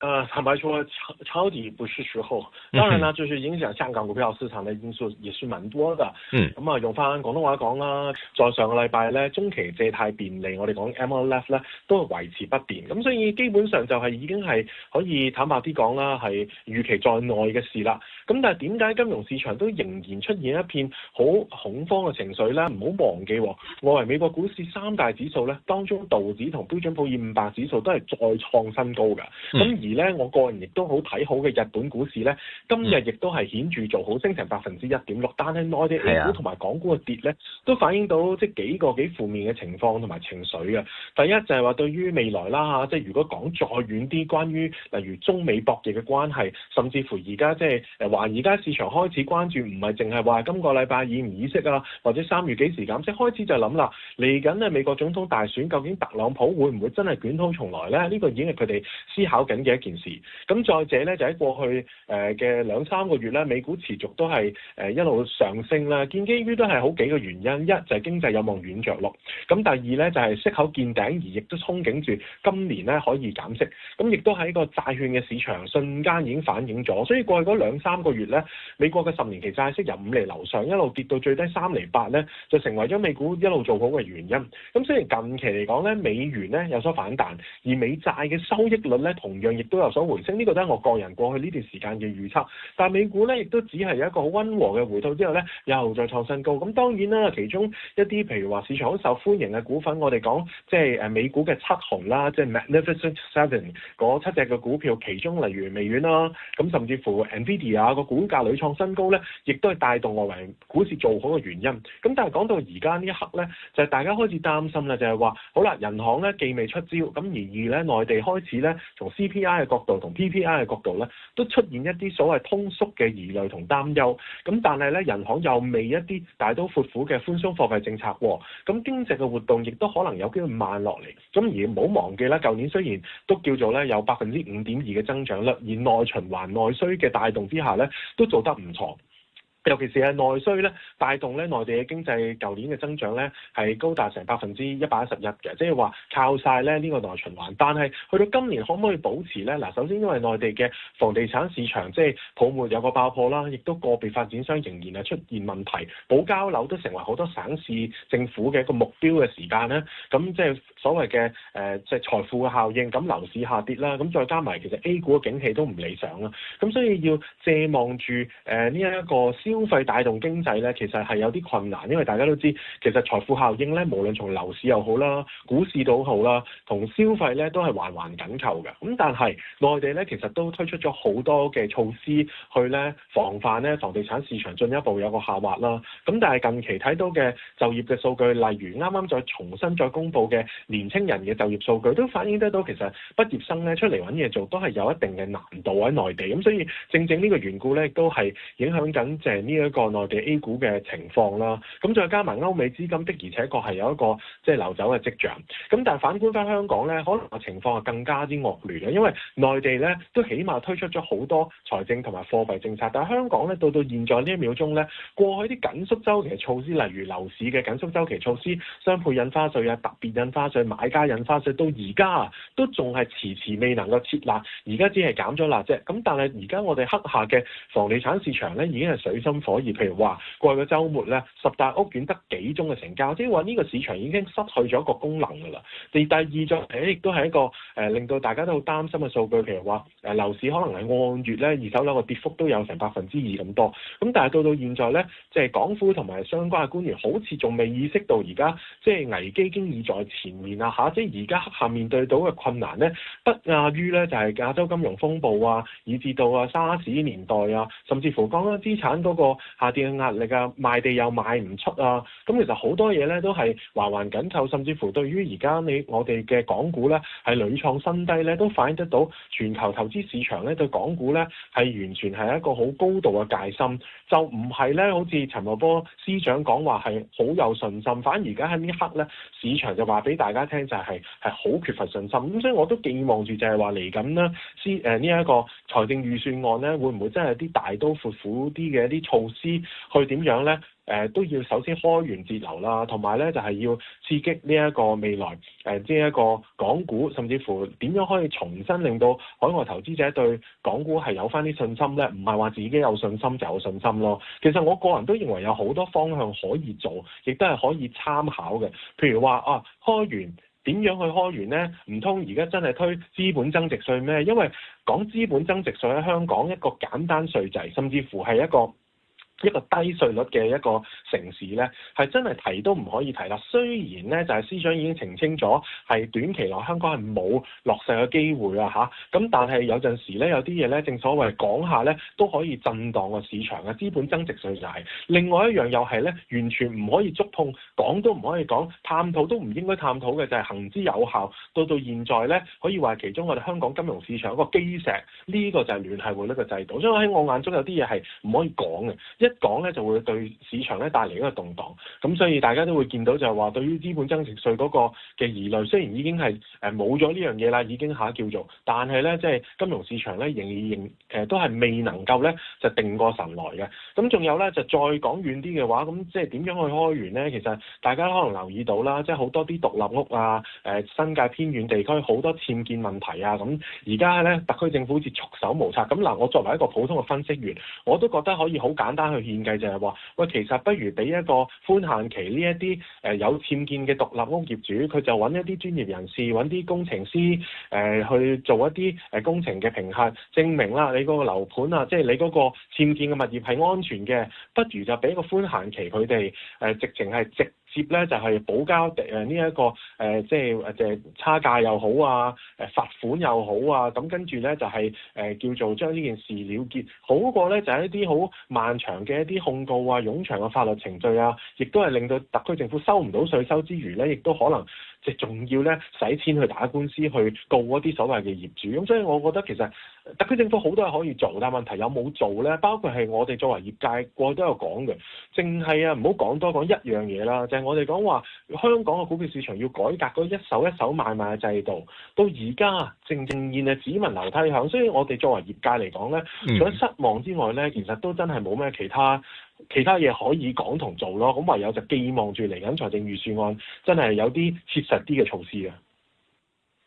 誒、啊，坦白說抄抄底不是時候。當然啦，就係影響香港股票市場的因素也算蠻多的。嗯。咁啊，用翻廣東話講啦，在上個禮拜咧，中期借貸便利，我哋講 MLF 咧，都維持不變。咁所以基本上就係已經係可以坦白啲講啦，係預期在內嘅事啦。咁但係點解金融市場都仍然出現一片好恐慌嘅情緒咧？唔、嗯、好忘記、哦，我為美國股市三大指數咧，當中道指同標準普爾五百指數都係再創新高噶。咁、嗯、而、嗯而咧，我個人亦都好睇好嘅日本股市咧，今日亦都係顯著做好，升成百分之一點六。但單係內地 A 股同埋港股嘅跌咧，都反映到即係幾個幾負面嘅情況同埋情緒嘅。第一就係話對於未來啦嚇，即係如果講再遠啲，關於例如中美博弈嘅關係，甚至乎而家即係誒話，呃、而家市場開始關注，唔係淨係話今個禮拜議唔議息啊，或者三月幾時減息，即開始就諗啦，嚟緊咧美國總統大選，究竟特朗普會唔會真係捲土重來咧？呢個已經係佢哋思考緊嘅。一件事，咁再者咧，就喺過去誒嘅兩三個月咧，美股持續都係誒一路上升啦。建基於都係好幾個原因，一就係、是、經濟有望軟着陸，咁第二咧就係、是、息口見頂，而亦都憧憬住今年咧可以減息，咁亦都喺個債券嘅市場瞬間已經反映咗。所以過去嗰兩三個月咧，美國嘅十年期債息由五厘樓上一路跌到最低三厘八咧，就成為咗美股一路做好嘅原因。咁雖然近期嚟講咧，美元咧有所反彈，而美債嘅收益率咧同樣亦～都有所回升，呢、這個都係我個人過去呢段時間嘅預測，但係美股咧，亦都只係有一個好溫和嘅回吐之後咧，又再創新高。咁當然啦，其中一啲譬如話市場好受歡迎嘅股份，我哋講即係誒美股嘅七雄啦，即係 Magnificent Seven 嗰七隻嘅股票，其中例如微軟啦，咁甚至乎 Nvidia 個股價屢創新高咧，亦都係帶動外圍股市做好嘅原因。咁但係講到而家呢一刻咧，就係、是、大家開始擔心啦，就係話好啦，銀行咧既未出招，咁然而咧內地開始咧從 CPI。嘅角度同 PPI 嘅角度咧，都出現一啲所謂通縮嘅疑慮同擔憂。咁但係咧，人行又未一啲大刀闊斧嘅寬鬆貨幣政策喎。咁經濟嘅活動亦都可能有機會慢落嚟。咁而唔好忘記啦，舊年雖然都叫做咧有百分之五點二嘅增長率，而內循環內需嘅帶動之下咧，都做得唔錯。尤其是啊內需咧帶動咧內地嘅經濟，舊年嘅增長咧係高達成百分之一百一十一嘅，即係話靠晒咧呢個內循環。但係去到今年可唔可以保持咧？嗱，首先因為內地嘅房地產市場即係、就是、泡沫有個爆破啦，亦都個別發展商仍然係出現問題，保交樓都成為好多省市政府嘅一個目標嘅時間咧。咁即係所謂嘅誒即係財富嘅效應，咁樓市下跌啦，咁再加埋其實 A 股嘅景氣都唔理想啦。咁所以要借望住誒呢一個消消費帶動經濟咧，其實係有啲困難，因為大家都知其實財富效應咧，無論從樓市又好啦、股市都好啦，同消費咧都係環環緊扣嘅。咁但係內地咧，其實都推出咗好多嘅措施去咧防範咧房地產市場進一步有個下滑啦。咁但係近期睇到嘅就業嘅數據，例如啱啱再重新再公布嘅年青人嘅就業數據，都反映得到其實畢業生咧出嚟揾嘢做都係有一定嘅難度喺內地。咁所以正正呢個緣故咧，亦都係影響緊呢一個內地 A 股嘅情況啦，咁再加埋歐美資金的，而且確係有一個即係流走嘅跡象。咁但係反觀翻香港呢，可能個情況係更加之惡劣啊，因為內地呢都起碼推出咗好多財政同埋貨幣政策，但係香港呢，到到現在呢一秒鐘呢，過去啲緊縮週期措施，例如樓市嘅緊縮週期措施、雙倍印花稅啊、特別印花稅、買家印花稅，到而家啊都仲係遲遲未能夠設立，而家只係減咗喇啫。咁但係而家我哋黑下嘅房地產市場呢，已經係水。心火熱，譬如話過去個週末咧，十大屋苑得幾宗嘅成交，即係話呢個市場已經失去咗一個功能㗎啦。而第二，再誒亦都係一個誒、呃、令到大家都好擔心嘅數據，譬如話誒樓市可能係按月咧，二手樓嘅跌幅都有成百分之二咁多。咁但係到現呢、就是、到現在咧，即係港府同埋相關嘅官員，好似仲未意識到而家即係危機經已在前面啊嚇！即係而家下面對到嘅困難咧，不亞於咧就係、是、亞洲金融風暴啊，以至到啊沙士年代啊，甚至乎剛剛資產嗰個下跌嘅壓力啊，賣地又賣唔出啊，咁其實好多嘢咧都係環環緊扣，甚至乎對於而家你我哋嘅港股咧係屢創新低咧，都反映得到全球投資市場咧對港股咧係完全係一個好高度嘅戒心，就唔係咧好似陳茂波司長講話係好有信心，反而而家喺呢一刻咧市場就話俾大家聽就係係好缺乏信心，咁所以我都寄望住就係話嚟緊呢司誒呢一個財政預算案咧會唔會真係啲大刀闊斧啲嘅一啲。措施，去點樣呢？呃，都要首先開源節流啦，同埋呢就係、是、要刺激呢一個未來誒，即係一個港股，甚至乎點樣可以重新令到海外投資者對港股係有翻啲信心呢？唔係話自己有信心就有信心咯。其實我個人都認為有好多方向可以做，亦都係可以參考嘅。譬如話啊，開源點樣去開源呢？唔通而家真係推資本增值稅咩？因為講資本增值稅喺香港一個簡單稅制，甚至乎係一個。一個低稅率嘅一個城市呢，係真係提都唔可以提啦。雖然呢，就係司長已經澄清咗，係短期內香港係冇落實嘅機會啊吓，咁但係有陣時呢，有啲嘢呢，正所謂講下呢，都可以震蕩個市場嘅資本增值稅就係。另外一樣又係呢，完全唔可以觸碰，講都唔可以講，探討都唔應該探討嘅就係行之有效。到到現在呢，可以話其中我哋香港金融市場一個基石，呢個就係聯繫匯率嘅制度。所以喺我眼中有啲嘢係唔可以講嘅。一講咧就會對市場咧帶嚟一個動盪，咁所以大家都會見到就係話對於資本增值稅嗰個嘅疑慮，雖然已經係誒冇咗呢樣嘢啦，已經下叫做，但係咧即係金融市場咧仍然誒都係未能夠咧就定個神來定過神來嘅。咁仲有咧就再講遠啲嘅話，咁即係點樣去開源咧？其實大家可能留意到啦，即係好多啲獨立屋啊、誒新界偏遠地區好多僭建問題啊，咁而家咧特區政府好似束手無策。咁嗱，我作為一個普通嘅分析員，我都覺得可以好簡單去。獻計就係話，喂，其實不如俾一個寬限期這些，呢一啲誒有僭建嘅獨立屋業主，佢就揾一啲專業人士，揾啲工程師誒、呃、去做一啲誒工程嘅評核，證明啦你嗰個樓盤啊，即係你嗰個僭建嘅物業係安全嘅，不如就俾個寬限期佢哋誒，直情係直。接咧就係、是、補交呢一個，即係即係差價又好啊，誒罰款又好啊，咁跟住咧就係叫做將呢件事了結，好過咧就係一啲好漫長嘅一啲控告啊、冗長嘅法律程序啊，亦都係令到特區政府收唔到稅收之餘咧，亦都可能即係仲要咧使錢去打官司去告一啲所謂嘅業主，咁所以我覺得其實。特區政府好多嘢可以做，但問題有冇做呢？包括係我哋作為業界過去都有講嘅，淨係啊唔好講多講一樣嘢啦，就係、是、我哋講話香港嘅股票市場要改革一手一手買賣嘅制度，到而家正正然係只聞樓梯響。所以我哋作為業界嚟講呢，除咗失望之外呢，其實都真係冇咩其他其他嘢可以講同做咯。咁唯有就寄望住嚟緊財政預算案真係有啲切實啲嘅措施嘅。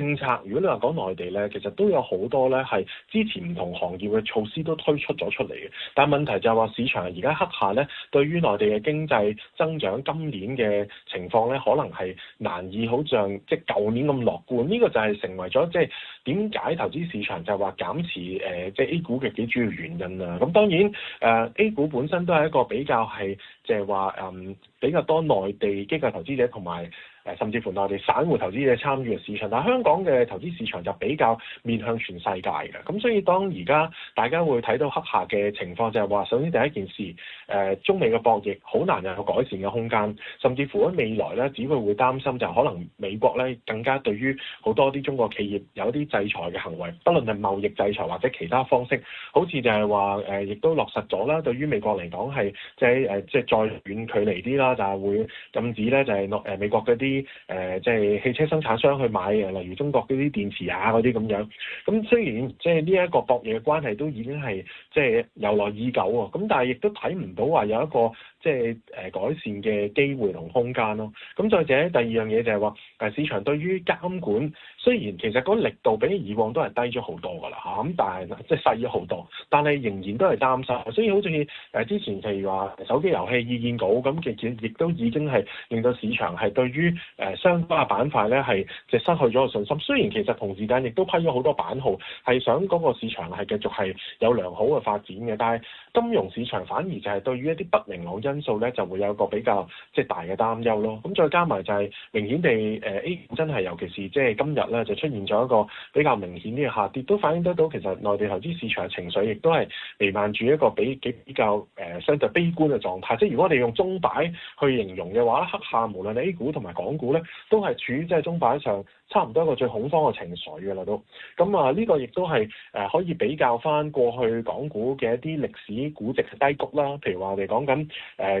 政策如果你話講內地咧，其實都有好多咧係之前唔同行業嘅措施都推出咗出嚟嘅。但係問題就係話市場而家黑下咧，對於內地嘅經濟增長今年嘅情況咧，可能係難以好像即係舊年咁樂觀。呢、呢個就係成為咗即係點解投資市場就係話減持誒、呃、即係 A 股嘅幾主要原因啦。咁當然誒、呃、A 股本身都係一個比較係即係話嗯比較多內地機構投資者同埋。甚至乎內地散戶投資者參與嘅市場，但香港嘅投資市場就比較面向全世界嘅，咁所以當而家大家會睇到黑下嘅情況，就係話首先第一件事，呃、中美嘅博弈好難有改善嘅空間，甚至乎喺未來咧，只會會擔心就可能美國咧更加對於好多啲中國企業有啲制裁嘅行為，不論係貿易制裁或者其他方式，好似就係話亦都落實咗啦，對於美國嚟講係即係呃即係再遠距離啲啦，就係會禁止咧就係落呃美國嗰啲。誒、呃，即、就、係、是、汽車生產商去買嘅，例如中國嗰啲電池啊嗰啲咁樣。咁雖然即係呢一個博弈嘅關係都已經係即係由來已久啊。咁但係亦都睇唔到話有一個。即係誒改善嘅機會同空間咯，咁再者第二樣嘢就係話，誒市場對於監管雖然其實嗰力度比以往都係低咗好多㗎啦嚇，咁但係即係細咗好多，但係仍然都係擔心，所以好似誒之前譬如話手機遊戲意見稿咁，其實亦都已經係令到市場係對於誒相關嘅板塊咧係即係失去咗個信心。雖然其實同時間亦都批咗好多版號，係想嗰個市場係繼續係有良好嘅發展嘅，但係，金融市場反而就係對於一啲不明朗因素咧，就會有個比較即係大嘅擔憂咯。咁再加埋就係明顯地誒 A 股真係，尤其是即係今日咧，就出現咗一個比較明顯啲嘅下跌，都反映得到其實內地投資市場嘅情緒亦都係瀰漫住一個比幾比較誒、呃、相對悲觀嘅狀態。即係如果我哋用中擺去形容嘅話咧，刻下無論你 A 股同埋港股咧，都係處於即係中擺上差唔多一個最恐慌嘅情緒嘅啦都。咁、嗯、啊呢、這個亦都係誒可以比較翻過去港股嘅一啲歷史。啲估值係低谷啦，譬如話我哋講緊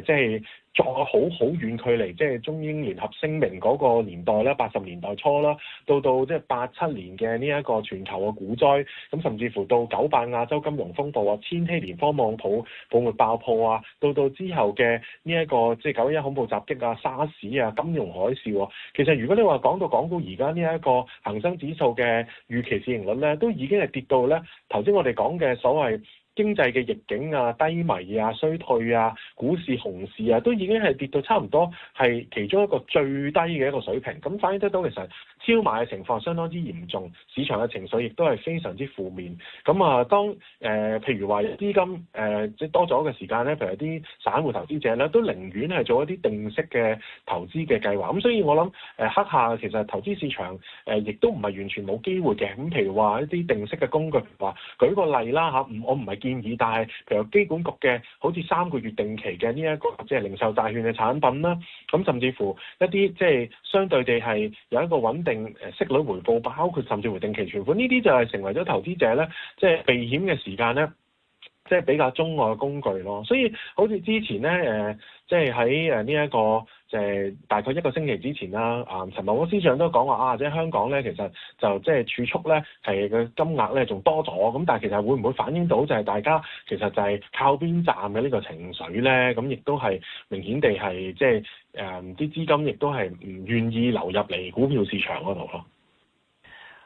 誒，即係再好好遠距離，即係中英聯合聲明嗰個年代啦，八十年代初啦，到到即係八七年嘅呢一個全球嘅股災，咁甚至乎到九八亞洲金融風暴啊，千禧年科網普泡沫爆破啊，到到之後嘅呢一個即係九一一恐怖襲擊啊、沙士啊、金融海嘯啊，其實如果你話講到港股而家呢一個恒生指數嘅預期市盈率咧，都已經係跌到咧頭先我哋講嘅所謂。經濟嘅逆境啊、低迷啊、衰退啊、股市、熊市啊，都已經係跌到差唔多係其中一個最低嘅一個水平。噉反映得到，其實，超賣嘅情況相當之嚴重，市場嘅情緒亦都係非常之負面。咁啊，當誒譬如話資金誒即多咗嘅時間咧，譬如啲、呃、散戶投資者咧，都寧願係做一啲定息嘅投資嘅計劃。咁所以我諗誒、呃，黑下其實投資市場誒，亦、呃、都唔係完全冇機會嘅。咁譬如話一啲定息嘅工具，話舉個例啦嚇，我唔係建議，但係譬如機管局嘅好似三個月定期嘅呢一個即係、就是、零售債券嘅產品啦，咁甚至乎一啲即係相對地係有一個穩定。誒息率回報，包括甚至乎定期存款，呢啲就係成為咗投資者咧，即、就、係、是、避險嘅時間咧，即、就、係、是、比較鍾愛嘅工具咯。所以好似之前咧，誒、呃，即係喺誒呢一個。就係大概一個星期之前啦，啊陳茂波司長都講話啊，即係香港咧，其實就即係、就是、儲蓄咧，係個金額咧仲多咗，咁但係其實會唔會反映到就係大家其實就係靠邊站嘅呢個情緒咧？咁亦都係明顯地係即係誒唔知資金亦都係唔願意流入嚟股票市場嗰度咯。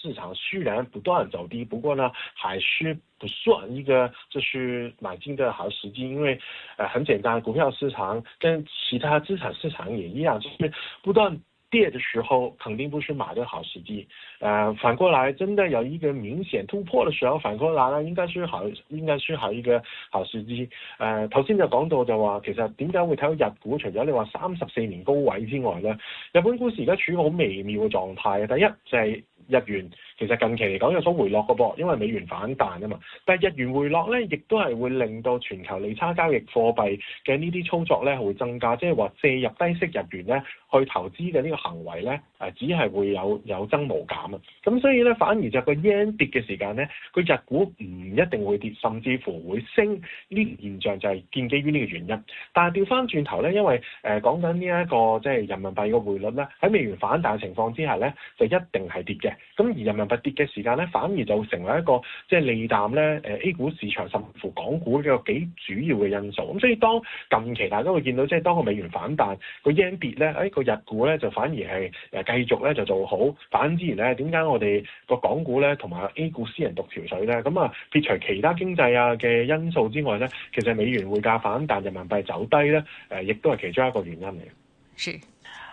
市場雖然不斷走低，不過呢還是不算一個就是買進的好時機，因為誒、呃、很簡單，股票市場跟其他資產市場也一樣，就是不斷跌的時候肯定不是買的好時機。誒、呃，反過來，真的有一個明顯突破的時候，反過來呢應該是好，應該係好一個好時機。誒、呃，頭先就講到就話，其實點解會睇到日股，除咗你話三十四年高位之外呢，日本股市而家處於好微妙嘅狀態。第一就係。日元其實近期嚟講有所回落個噃，因為美元反彈啊嘛。但係日元回落咧，亦都係會令到全球利差交易貨幣嘅呢啲操作咧係會增加，即係話借入低息日元咧去投資嘅呢個行為咧，誒、呃、只係會有有增無減啊。咁所以咧，反而就個 yen 跌嘅時間咧，佢日股唔一定會跌，甚至乎會升。呢、嗯、個現象就係建基於呢個原因。但係調翻轉頭咧，因為誒、呃、講緊呢一個即係人民幣嘅匯率咧，喺美元反彈情況之下咧，就一定係跌嘅。咁而人民幣跌嘅時間咧，反而就成為一個即係利淡咧，誒 A 股市場甚至乎港股嘅幾主要嘅因素。咁所以當近期大家都會見到，即係當個美元反彈，個 yen 跌咧，誒個日股咧就反而係誒繼續咧就做好反之，而咧點解我哋個港股咧同埋 A 股私人獨潮水咧？咁啊撇除其他經濟啊嘅因素之外咧，其實美元匯價反彈，人民幣走低咧，誒亦都係其中一個原因嚟。是。